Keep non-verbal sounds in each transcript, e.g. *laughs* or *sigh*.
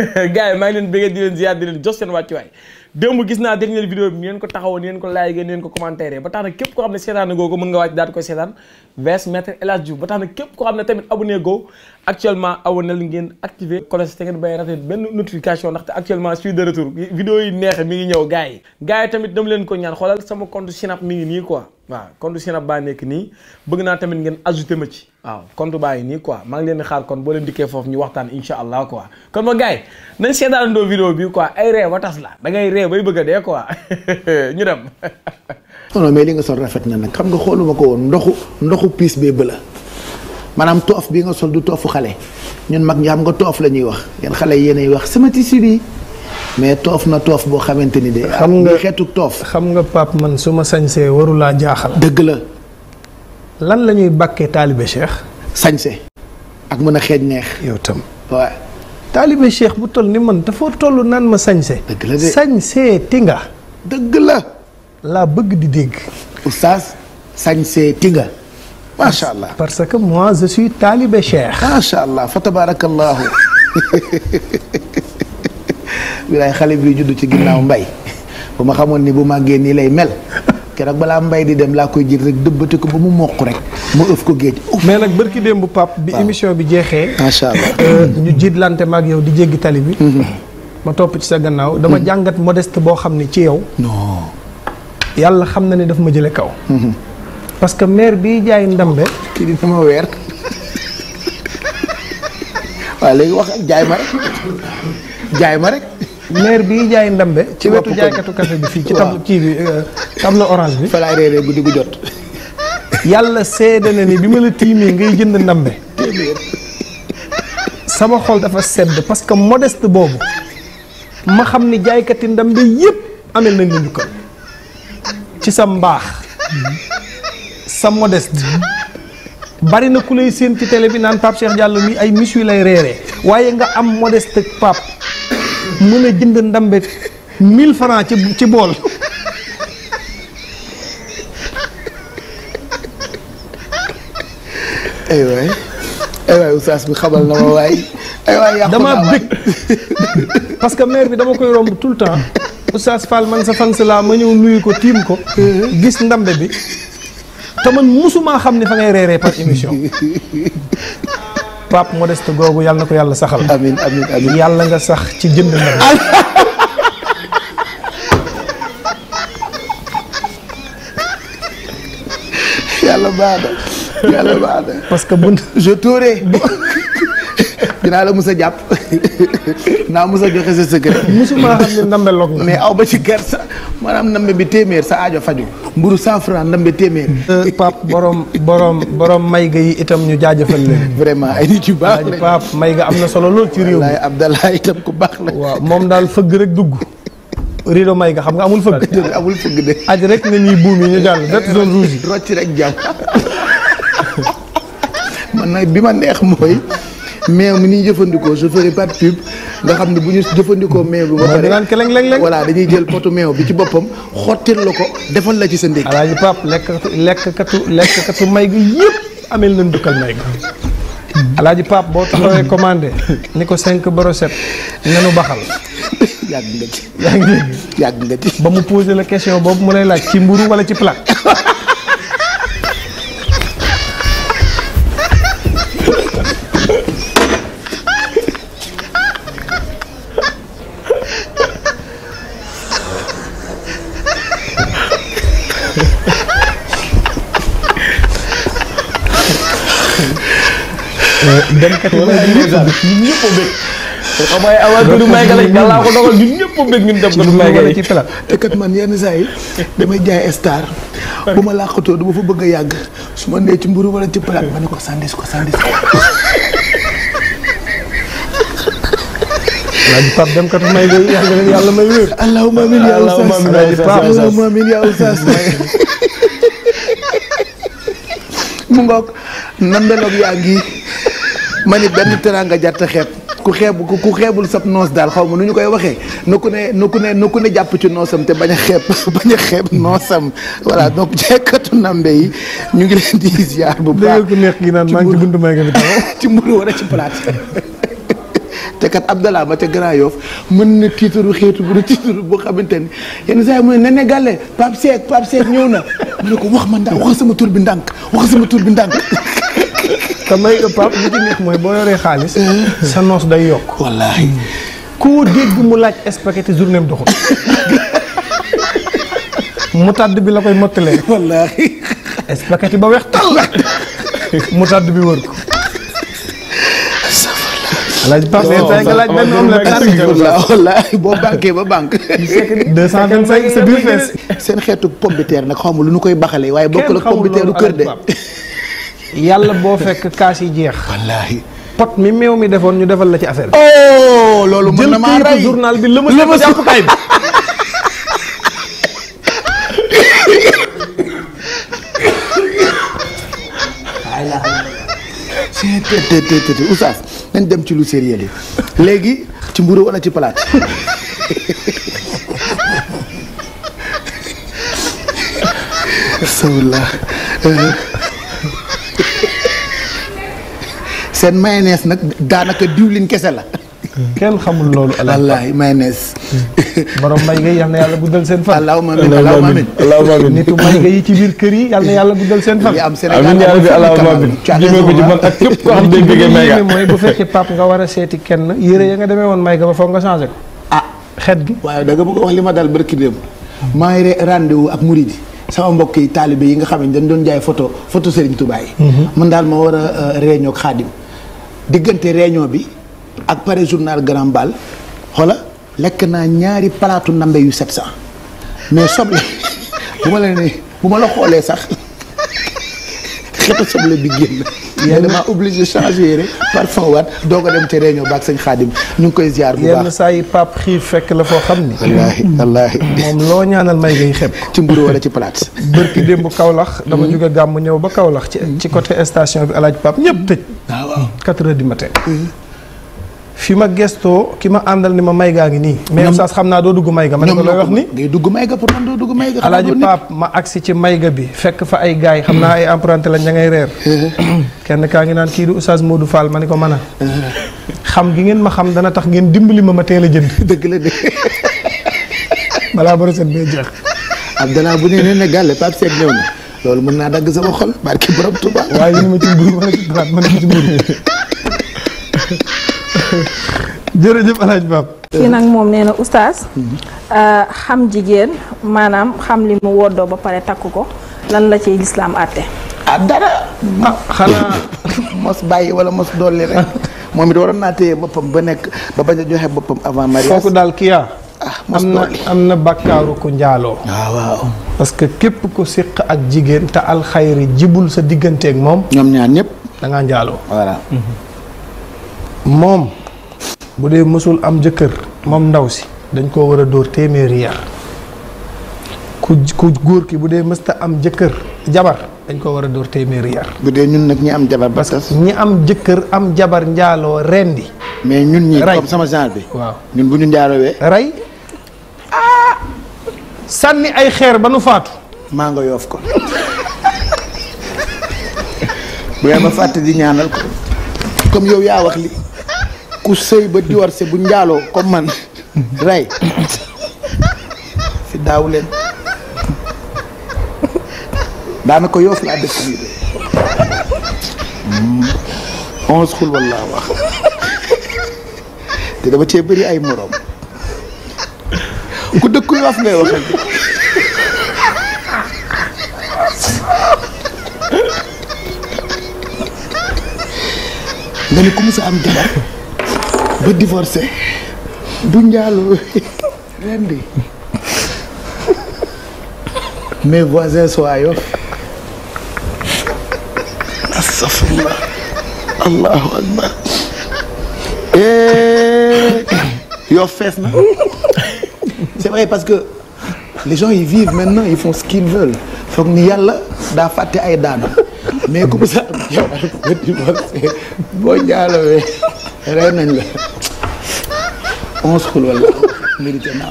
*laughs* gars yi maa ngi leen bëgg di leen ziar di leen jox seen wàccuwaay démb gis naa dernière vidéo bi ngeen ko taxawoon ngeen ko laay ngeen ko commentaire ba tax na képp koo xam ne seetaan goo ko mën nga wàcc daal koy seetaan ba nekk nii bëgg naa tamit ngeen ajouté ma ci waaw compte baa ngi nii quoi maa leen xaar kon boo leen dikkee foofu ñu waxtaan insha allah quoi kon ma gars yi nañ seetaanandoo vidéo bi quoi ay ree watas la ne bay bëgg dé quoi ñu dem. non mais li nga sol rafet na nak xam nga xoluma ko won ndoxu ndoxu piis bee bëla manam tof bi nga sol du tofu xalé ñun mag ñam nga tof lañuy wax yeen xalé yeenay wax sama tissu bi mais tof na tof bo xamanteni dé xam nga xétuk tof xam nga pap man suma sañsé waru la jaaxal. deug la. lan lañuy bakké talibé Cheikh. sañsé ak mëna xéñ neex. yow tam waaw. talibé cheikh bu toll ni man dafa toll nan ma sañse sañsé tinga deug la la bëgg di dégg oustaz sañsé tinga nga macha allah parce que moi je suis talibé cheikh macha allah fa tabarakallahu lay xale bi judd ci ginnaw mbay bu ma xamone ni bu màggee ni lay mel keroog bala mbay di dem la koy jir rek deubati ko ba mu mokk rek mu euf ko geej mais nak barki dembu pap bi émission bi jeexee macha euh, ñu jiitlante mak yow di jéggi tali bi mm-hmm. ma top ci sa gannaaw dama mm-hmm. No. modeste bo xam ci yow non yalla xamna na daf ma jëlé kaw mm-hmm. parce que mère bi jaay ndambe ki di sama *laughs* wa légui wax jaay ma rek jaay ma rek maire bi jaay ndambe ci wetu jaaykatu kafe bi fii ci tab kii bi euh, tableau orange bi fa laay guddi gu jot yàlla seede na ni bi ma la tiimee ngay jënd ndambe sama xol dafa sedd parce que modeste boobu ma xam ni jaaykati ndambe yépp amel nañ la njukkal ci sa mbaax sa modeste bari na ku lay séen ci télé bi naan Pape Cheikh Diallo mi ay miss yu lay reeree waaye nga am modeste Pape mën a jënd ndambe mille francs ci ci bool ay waay ay waay oustaz bi xamal na ma waay ay bëgg parce que maire bi dama koy romb tout le temps oustaz Fall man sa fan laa ma ñëw nuyu ko tiim ko gis ndambe bi te man musumaa xam ne fa ngay reeree par émission Pape Modeste googu yàlla na ko yàlla saxal. amiin amiin amiin yàlla nga sax ci jënd nag. na que bu *laughs* je touré la mos a jàpp *laughs* naa mos a joxe sa xam ne ndambeloog mais aw ba ci gerte. maanaam ndambe bi téeméer sa aajo faju mburu cent franc ndambe téeméer. Euh, Pape borom borom borom Mayga yi itam ñu jaajëfal leen. vraiment ay nit yu baax lañ Pape Mayga am na solo lool ci réew mi wallaay Abdallah itam ku baax la. waaw moom daal fëgg rek dugg. rido may nga xam nga amul fëgg. *laughs* amul fëgg de. aj rek na ñuy buum yi ñu jàll def zone rouge yi. rocc rek jàmm *laughs* man bi ma neex mooy. meew mi ñuy jëfandikoo je ferai nga xam ne bu ñu jëfandikoo meew bi. ba pare keleng voilà dañuy jël potu meew bi ci boppam xotti la ko defal la ci sa ndékki. alaaji Pape lekk lekk katu lekk katu may gi yëpp amel nañ dukkal may gi. alaaji Pape boo taxawee commandé ni ko cinq brochettes nenu baxal yàgg nga ci yàgg nga ci yàgg nga ci ba mu posé la question boobu mu lay laaj ci mburu wala ci plat *laughs* dan katanya jinnya pobek kamay awa ko du may galay gala ko dogal ñun ñepp bëgg ngeen dem ko du may galay ci tala te kat man yenn say damay jaay star bu ma laqato du fa bëgg yag su ma ne ci mburu wala ci plat mané sandis ko sandis lagi tab dem kat may gay yalla yang. may ya wër allahumma amin ya ustaz allahumma amin ya ustaz mu ngok nandelok yaangi ma ni benn teraanga jàtt xeeb ku xeeb ku xeebul sab noos daal xaw ma nu ñu koy waxee na ku ne na ku ne na ku jàpp ci noosam te bañ a xeeb *laughs* bañ a xeeb noosam voilà donc jekkatu nambe yi ñu ngi leen di ziar bu baax ku neex gi maa ngi ci buntu may nga *laughs* ci mburu wala ci *laughs* kat Abdallah ma ca Grand mën na tiitaru xeetu bu tiitaru boo xamante ni yenn saa yi mu ne Nene Galle Pape Seck Pape ñëw na mu ne ko wax ma ndànk wax sama tuur bi ndànk wax sama tuur bi ndànk te may Pape li ci neex mooy boo yoree xaalis. sa noos day yokk. wallaahi. ku dégg mu laaj spaghetti journée am doxul. mutadd bi la koy mottalee. wallaahi. spaghetti ba weex tàll. mutadd bi wër ko. laaj parce que tey nga laaj benn am la wallaahi boo banqué ba banque. deux cent vingt sa biir seen xeetu pomme de terre nag xaw ma lu nu koy baxalee waaye bokk la pomme de terre du kër de. yàlla boo fekk kaas yi jeex. pot mi meew mi defoon ñu defal la ci affaire bi. Oh, loolu mën na maa rey journal bi lëmas lëmas jàppukaay bi. tt oustaz nañ dem ci lu sérieux li léegi ci mburu wala ci palaat *laughs* seen mayonnaise nag daanaka diwlin kese la. kenn xamul loolu. wallaahi mayonnaise. Hmm. borom may nga yal na yàlla guddal seen fan. allahumma amiin allahumma amiin allahumma amiin nitu may nga yi ci biir kër yi yal yàlla guddal seen fan. am Sénégal amiin yaa rabbi allahumma amiin jëmee ko ci man ak képp koo bu fekkee pap nga war a seeti kenn yére ya nga demee woon may ga ba foog nga changé ko. ah xet gi. waaye da nga bëgg wax li ma dal barki démb. maa ngi rendez-vous ak Mouride. sama mbokk yi taalibe yi nga xam ne dañ doon jaay photo photo Serigne Touba mhm. a euh, diggante réunion bi ak pare journal Grand Bal xoola lekk naa ñaari palaatu ndambe yu 700 mais ah. soble bu ma la ne bu ma la xoolee sax xetu soble bi génn. *laughs* yéen dama obligé changer yére parfum waat doog a dem ci réunion baak sëñ Xaadim ñu ngi koy ziar bu baax saa yi pap xiif fekk la foo xam ni wallaahi wallaahi moom loo ñaanal may ngay xeb ci mburu wala ci palaat bërki démb Kaolack dama jóge gàmm ñëw ba Kaolack ci ci côté station bi alaaj pap ñëpp tëj waaw ah, waaw quatre du matin mm-hmm. fi ma gestoo ki ma àndal ni ma may gaa ngi nii. mais oustaz xam naa doo dugg may ga ma ne ko looy wax ni ngay dugg may ga pour man doo dugg may ga. alaaji Paap ma agsi ci may ga bi fekk fa ay gaay xam naa ay emprunté lañ ña ngay reer. Eh. kenn kaa ngi naan kii di oustaz Modou Fall ma ne ko mën a. xam gi ngeen ma xam dana tax ngeen dimbali ma ma teel a jënd. *laughs* dëgg la de *laughs* balaa boroset bee jeex. Abdallah bu nee nee na gàlle Pape Seck ñëw na loolu mën naa dagg sama xol barki borom waaye ñu ma ci mburu ma ne ci mburu jërëjëf El Hadj Bab kii nak mom nee oustaz euh xam jigen manam xam li mu woddoo ba pare takk lan la ci lislaam àtte ah, dara ma mos bayyi wala mos doli rek momit it na téy bopam ba nek ba baña joxe bopam avant mariage foku dal kiya amna ah, amna bakaru ku njaaloo waaw ah, waaw parce que kep ko siq ak ta al khair jibul sa ak mom ñom ñaan ñep da nga njaaloo voilà moom bu dee mësul am jëkkër moom ndaw si dañ koo war a dóor téeméeri yar ku ku góor ki bu dee mësta am jëkkër jabar dañ koo war a dóor téeméeri yar. bu dee ñun nag ñi am jabar ba tas ñi am jëkkër am jabar njaaloo rendi mais ñun ñi comme sama genre bi. waaw ñun bu ñu njaaloowee. rey ah! sànni ay xeer ba nu faatu. maa nga yoof ko. *laughs* bu ma fàtte di ñaanal ko comme yow yaa wax li ku sëy ba divorcé bu njaaloo comme man rey fi daaw leen daanaka yoof laa def nii de onze xul wallaa wax te dama cee bëri ay morom ku dëkku yoof ngay waxal nga ne ku mu sa am jabar Je divorcé Je rendi mes voisins sont à allahu akbar eh, c'est vrai parce que les gens ils vivent maintenant ils font ce qu'ils veulent Faut mais comme ça, onze xul wala mérité naa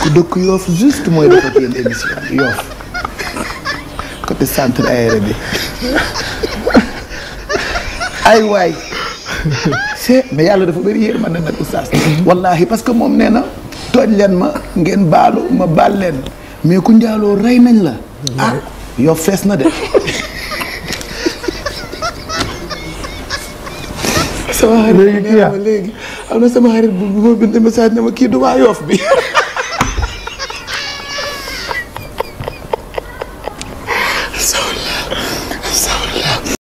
ku dëkk yoof juste mooy def ak yéen émission yoof côté centre aéré bi ay waay c'est mais yàlla dafa bëri yërmande nag oustaz wallahi parce que moom nee na tooñ leen ma ngeen baalu ma baal leen mais ku njaaloo sama xarit léegi am na sama xarit bu ma bind message ne ma kii du waa yoof bi *laughs*